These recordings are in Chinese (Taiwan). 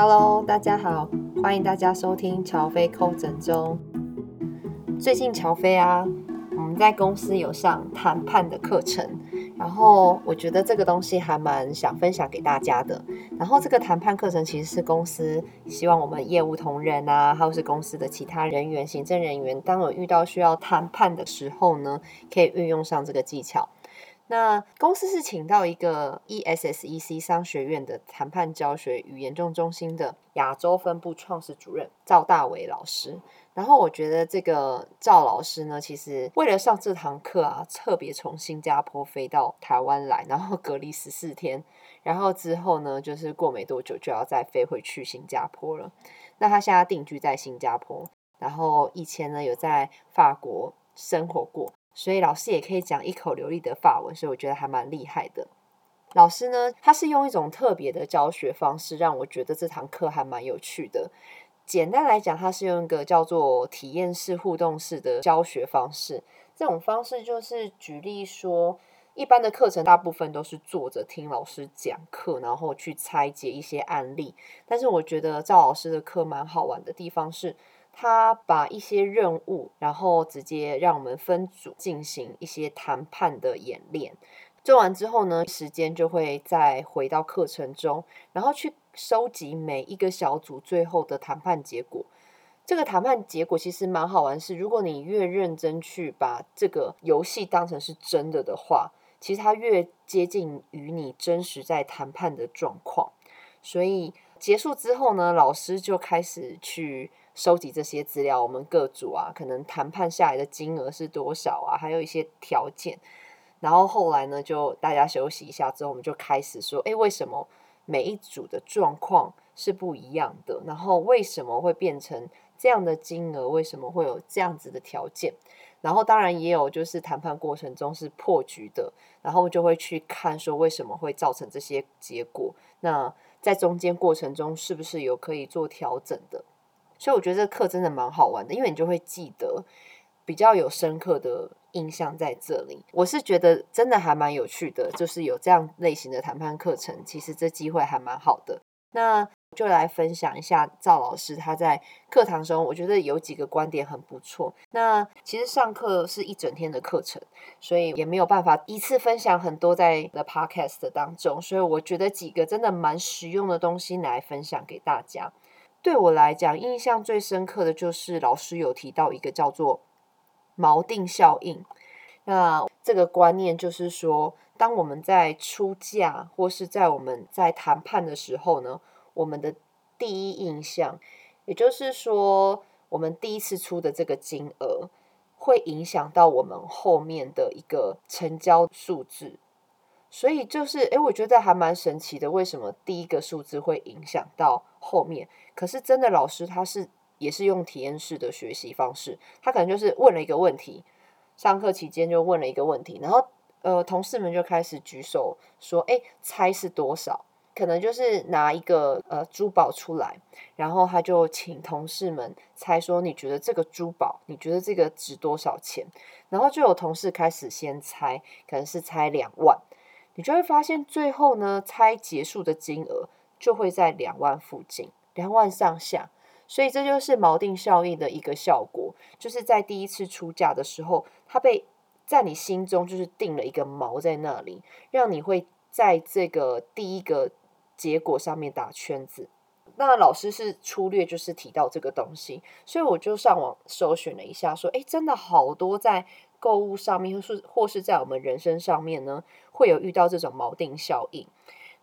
Hello，大家好，歡迎大家收聽喬飛空診中。最近喬飛啊，我們在公司有上談判的課程，然後我覺得這個東西還蠻想分享給大家的。然後這個談判課程其實是公司希望我們業務同仁啊，還有是公司的其他人員、行政人員，當有遇到需要談判的時候呢，可以運用上這個技巧。那公司是請到一個 ESSEC 商學院的談判教學與研究中心的亞洲分部創始主任趙大偉老師。然後我覺得這個趙老師呢，其實為了上這堂課啊，特別從新加坡飛到台灣來，然後隔離十四天，然後之後呢，就是過沒多久就要再飛回去新加坡了。那他現在定居在新加坡，然後以前呢有在法國生活過。所以老師也可以講一口流利的法文，所以我覺得還蠻厲害的。老師呢，他是用一種特別的教學方式，讓我覺得這堂課還蠻有趣的。簡單來講，他是用一個叫做體驗式、互動式的教學方式。這種方式就是舉例說，一般的課程大部分都是坐着聽老師講課，然後去拆解一些案例。但是我覺得趙老師的課蠻好玩的地方是。他把一些任務，然後直接讓我們分組進行一些談判的演練。做完之後呢，時間就會再回到課程中，然後去收集每一個小組最後的談判結果。這個談判結果其實蠻好玩，是如果你越認真去把這個遊戲當成是真的的話，其實它越接近於你真實在談判的狀況。所以結束之後呢，老師就開始去。收集這些資料，我們各組啊，可能談判下來的金額是多少啊？還有一些條件。然後後來呢，就大家休息一下之後，我們就開始說：哎、欸，為什麼每一組的狀況是不一樣的？然後為什麼會變成這樣的金額？為什麼會有這樣子的條件？然後當然也有就是談判過程中是破局的，然後就會去看說為什麼會造成這些結果？那在中間過程中是不是有可以做調整的？所以我覺得這個課真的蠻好玩的，因為你就會記得比較有深刻的印象在這裡。我是覺得真的還蠻有趣的，就是有這樣類型的談判課程，其實這機會還蠻好的。那就來分享一下趙老師他在課堂中，我覺得有幾個觀點很不錯。那其實上課是一整天的課程，所以也沒有辦法一次分享很多在 the podcast 當中，所以我覺得幾個真的蠻實用的東西來分享給大家。對我來講，印象最深刻的就是老師有提到一個叫做錨定效應。那這個觀念就是說，當我們在出價或是在我們在談判的時候呢，我們的第一印象，也就是說，我們第一次出的這個金額，會影響到我們後面的一個成交數字。所以就是，誒、欸，我覺得還蠻神奇的，為什麼第一個數字會影響到後面？可是真的，老師他是也是用體驗式的學習方式，他可能就是問了一個問題，上課期間就問了一個問題，然後呃，同事們就開始舉手說，誒、欸，猜是多少？可能就是拿一個呃珠寶出來，然後他就請同事們猜說，你覺得這個珠寶，你覺得這個值多少錢？然後就有同事開始先猜，可能是猜兩萬。你就會發現，最後呢，猜結束的金額就會在兩萬附近、兩萬上下，所以這就是錨定效應的一個效果，就是在第一次出價的時候，它被在你心中就是定了一個錨在那裡，讓你會在這個第一個結果上面打圈子。那老師是粗略就是提到這個東西，所以我就上網搜尋了一下，說，哎，真的好多在。購物上面，或是或是在我們人生上面呢，會有遇到這種錨定效應。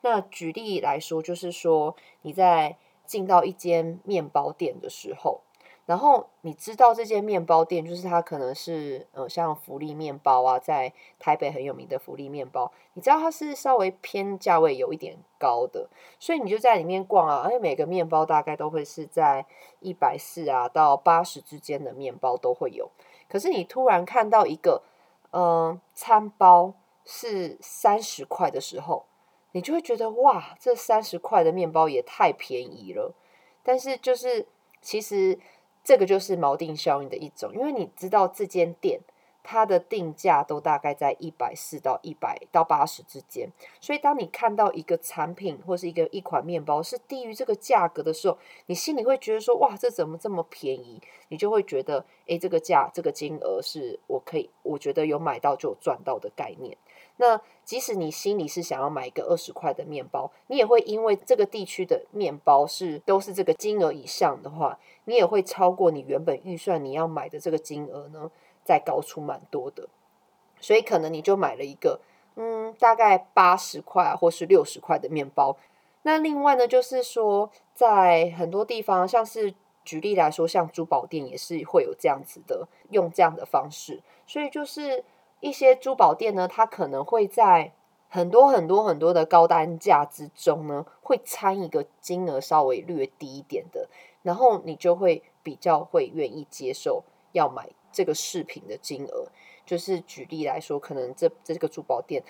那舉例來說，就是說你在進到一間麵包店的時候，然後你知道這間麵包店就是它可能是，呃，像福利麵包啊，在台北很有名的福利麵包，你知道它是稍微偏價位有一點高的，所以你就在裡面逛啊，而且每個麵包大概都會是在一百四啊到八十之間的麵包都會有。可是你突然看到一個，嗯，餐包是三十塊的時候，你就會覺得哇，這三十塊的麵包也太便宜了。但是就是，其實這個就是錨定效應的一種，因為你知道這間店。它的定價都大概在一百四到一百到八十之間，所以當你看到一個產品或是一個一款麵包是低於這個價格的時候，你心裡會覺得說：“哇，這怎麼這麼便宜？”你就會覺得：“誒，這個價，這個金額是我可以，我覺得有買到就賺到的概念。”那即使你心裡是想要買一個二十塊的麵包，你也會因為這個地區的麵包是都是這個金額以上的話，你也會超過你原本預算你要買的這個金額呢，在高出蠻多的，所以可能你就買了一個，嗯，大概八十塊或是六十塊的面包。那另外呢，就是說，在很多地方，像是舉例來說，像珠寶店也是會有這樣子的，用這樣的方式。所以就是一些珠寶店呢，它可能會在很多很多很多的高單價之中呢，會摻一個金額稍微略低一點的，然後你就會比較會願意接受要買。這個飾品的金額，就是舉例來說，可能這這個珠寶店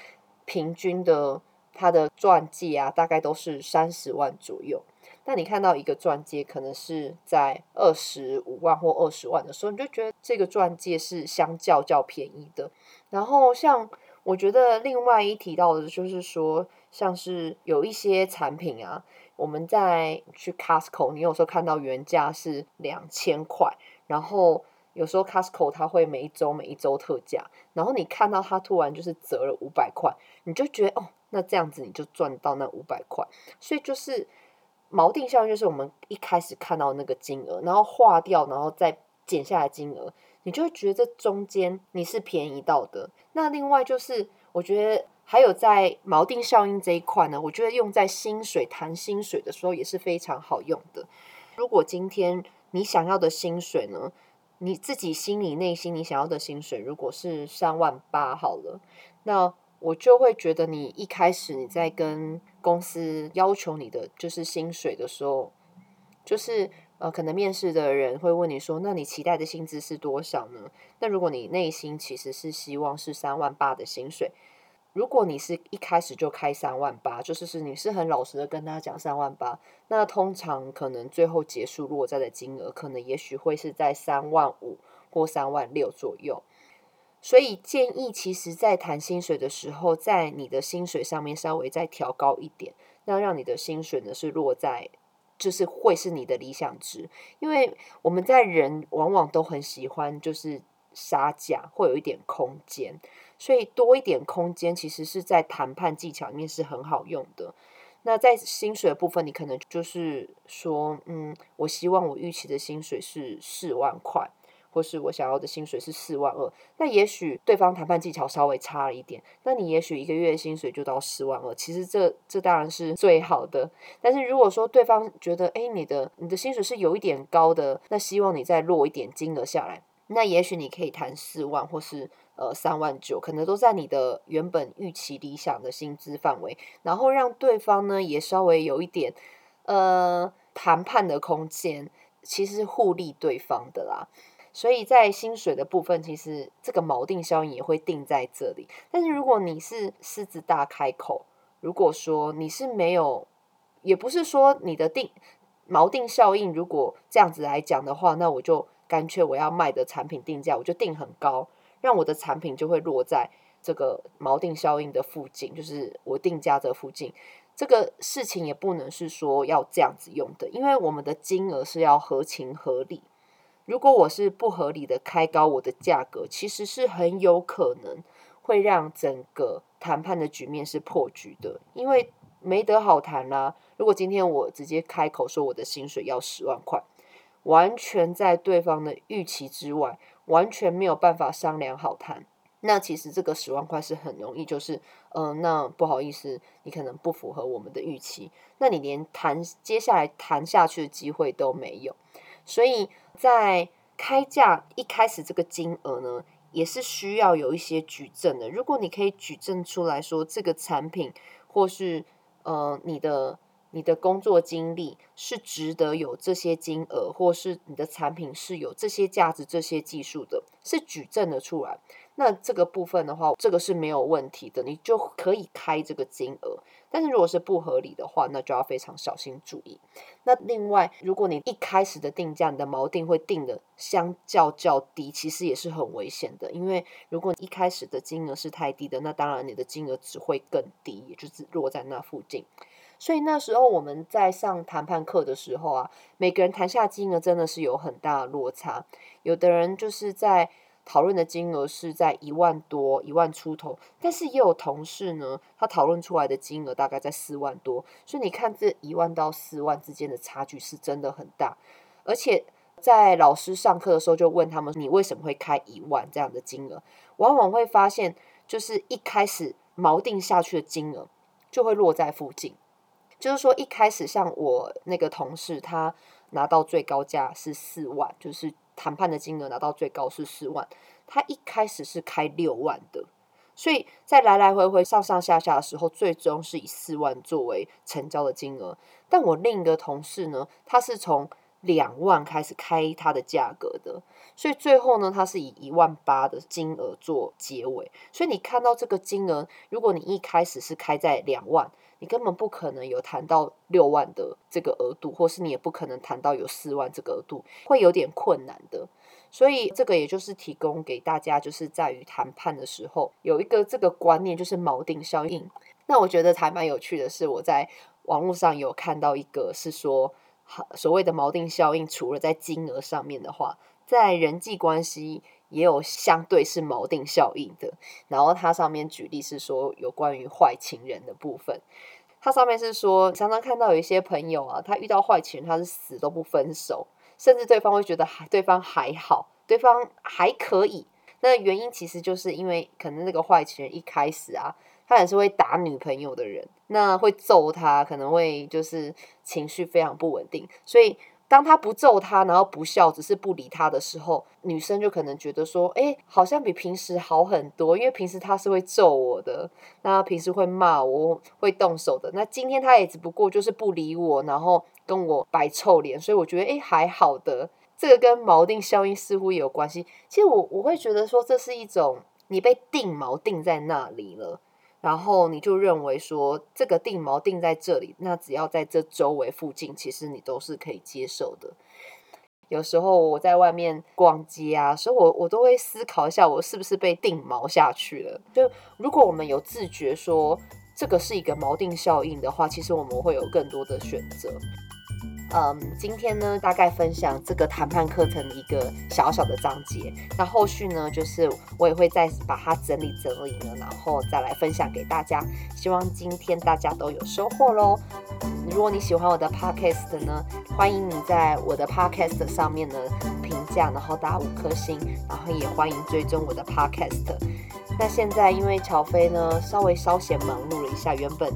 平均的它的鑽戒啊，大概都是三十萬左右。但你看到一個鑽戒可能是在二十五萬或二十萬的時候，你就覺得這個鑽戒是相較較便宜的。然後，像我覺得另外一提到的就是說，像是有一些產品啊，我們在去 Costco，你有時候看到原價是兩千塊，然後。有時候 Costco 它會每一周每一周特價，然後你看到它突然就是折了五百塊，你就覺得哦，那這樣子你就賺到那五百塊。所以就是錨定效應，就是我們一開始看到那個金額，然後劃掉，然後再減下來金額，你就會覺得這中間你是便宜到的。那另外就是，我覺得還有在錨定效應這一塊呢，我覺得用在薪水談薪水的時候也是非常好用的。如果今天你想要的薪水呢？你自己心裡內心你想要的薪水，如果是三萬八好了，那我就會覺得你一開始你在跟公司要求你的就是薪水的時候，就是呃，可能面試的人會問你說，那你期待的薪資是多少呢？那如果你內心其實是希望是三萬八的薪水。如果你是一開始就開三萬八，就是是你是很老實的跟他講三萬八，那通常可能最後結束落在的金額，可能也許會是在三萬五或三萬六左右。所以建議，其實，在談薪水的時候，在你的薪水上面稍微再調高一點，那讓你的薪水呢是落在，就是會是你的理想值，因為我們在人往往都很喜歡，就是。殺價會有一點空間，所以多一點空間，其實是在談判技巧裡面是很好用的。那在薪水的部分，你可能就是說，嗯，我希望我預期的薪水是四萬塊，或是我想要的薪水是四萬二。那也許對方談判技巧稍微差了一點，那你也許一個月薪水就到四萬二。其實這這當然是最好的。但是如果說對方覺得，哎，你的你的薪水是有一點高的，那希望你再落一點金額下來。那也許你可以談四萬，或是呃三萬九，可能都在你的原本預期理想的薪資範圍。然後讓對方呢也稍微有一點呃談判的空間，其實互利對方的啦。所以在薪水的部分，其實這個錨定效應也會定在這裡。但是如果你是獅子大開口，如果說你是沒有，也不是說你的定錨定效應，如果這樣子來講的話，那我就。乾脆我要賣的產品定價，我就定很高，讓我的產品就會落在這個錨定效應的附近，就是我定價的附近。這個事情也不能是說要這樣子用的，因為我們的金額是要合情合理。如果我是不合理的開高我的價格，其實是很有可能會讓整個談判的局面是破局的，因為沒得好談啦、啊。如果今天我直接開口說我的薪水要十萬塊。完全在對方的預期之外，完全沒有辦法商量好談。那其實這個十萬塊是很容易，就是，嗯、呃，那不好意思，你可能不符合我們的預期，那你連談接下來談下去的機會都沒有。所以在開價一開始，這個金額呢，也是需要有一些舉證的。如果你可以舉證出來說這個產品或是，呃，你的。你的工作經歷是值得有這些金額，或是你的產品是有這些價值、這些技術的，是舉證的出來。那這個部分的話，這個是沒有問題的，你就可以開這個金額。但是如果是不合理的話，那就要非常小心注意。那另外，如果你一開始的定價，你的錨定會定得相較較低，其實也是很危險的，因為如果你一開始的金額是太低的，那當然你的金額只會更低，也就是落在那附近。所以那時候我們在上談判課的時候啊，每個人談下金額真的是有很大的落差。有的人就是在討論的金額是在一萬多、一萬出頭，但是也有同事呢，他討論出來的金額大概在四萬多。所以你看這一萬到四萬之間的差距是真的很大。而且在老師上課的時候就問他們：“你為什麼會開一萬這樣的金額？”往往會發現，就是一開始錨定下去的金額就會落在附近。就是說，一開始像我那個同事，他拿到最高價是四萬，就是談判的金額拿到最高是四萬。他一開始是開六萬的，所以在來來回回上上下下的時候，最終是以四萬作為成交的金額。但我另一個同事呢，他是從。兩萬開始開它的價格的，所以最後呢，它是以一萬八的金額做結尾。所以你看到這個金額，如果你一開始是開在兩萬，你根本不可能有談到六萬的這個額度，或是你也不可能談到有四萬這個額度，會有點困難的。所以這個也就是提供給大家，就是在於談判的時候有一個這個觀念，就是錨定效應。那我覺得還蠻有趣的是，我在網絡上有看到一個是說。好，所謂的錨定效應，除了在金額上面的話，在人際關係也有相對是錨定效應的。然後它上面舉例是說有關於壞情人的部分，它上面是說常常看到有一些朋友啊，他遇到壞情人，他是死都不分手，甚至對方會覺得還對方還好，對方還可以。那原因其實就是因為可能那個壞情人一開始啊。他也是會打女朋友的人，那會揍他，可能會就是情緒非常不穩定。所以當他不揍他，然後不笑，只是不理他的時候，女生就可能覺得說：“誒，好像比平時好很多。”因為平時他是會揍我的，那平時會罵我，我會動手的。那今天他也只不過就是不理我，然後跟我擺臭臉，所以我覺得誒，還好的。這個跟錨定效應似乎也有關係。其實我我會覺得說，這是一種你被定錨定在那裡了。然後你就認為說，這個定錨定在這裡，那只要在這周圍附近，其實你都是可以接受的。有時候我在外面逛街啊，所以我，我都會思考一下，我是不是被定錨下去了？就如果我們有自覺說這個是一個錨定效應的話，其實我們會有更多的選擇。嗯，今天呢，大概分享這個談判課程的一個小小的章節。那後續呢，就是我也會再把它整理整理呢，然後再來分享給大家。希望今天大家都有收穫咯！如果你喜歡我的 podcast 呢，歡迎你在我的 podcast 上面呢評價，然後打五顆星，然後也歡迎追蹤我的 podcast。那現在因為喬飛呢，稍微稍嫌忙碌了一下，原本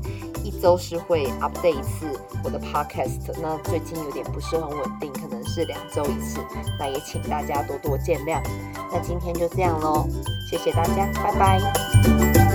一周是會 update 一次我的 podcast，那最近有點不是很穩定，可能是兩周一次，那也請大家多多見諒。那今天就這樣咯，謝謝大家，拜拜。